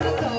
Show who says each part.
Speaker 1: Oh.